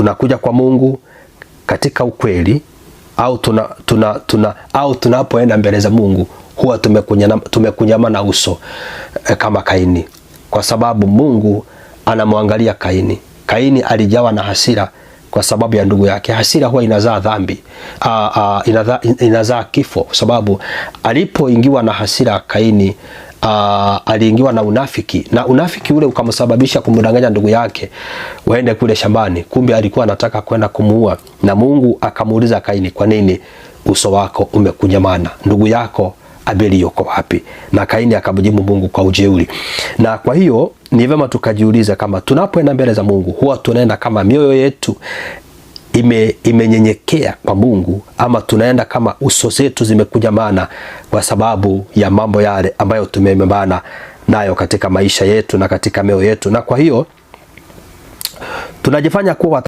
tunakuja kwa Mungu katika ukweli au tuna, tuna, tuna, au tunapoenda mbele za Mungu huwa tumekunyama, tumekunyama na uso e, kama Kaini, kwa sababu Mungu anamwangalia Kaini. Kaini alijawa na hasira kwa sababu ya ndugu yake. Hasira huwa inazaa dhambi, ah, ah, inazaa, inazaa kifo, kwa sababu alipoingiwa na hasira Kaini uh, aliingiwa na unafiki na unafiki ule ukamsababisha kumdanganya ndugu yake waende kule shambani, kumbe alikuwa anataka kwenda kumuua. Na Mungu akamuuliza Kaini, kwa nini uso wako umekunyamana? Ndugu yako Abeli yuko wapi? Na Kaini akamjibu Mungu kwa ujeuri. Na kwa hiyo ni vema tukajiuliza kama tunapoenda mbele za Mungu huwa tunaenda kama mioyo yetu ime imenyenyekea kwa Mungu ama tunaenda kama uso zetu zimekuja maana kwa sababu ya mambo yale ambayo tumepambana nayo katika maisha yetu na katika meo yetu, na kwa hiyo tunajifanya kuwa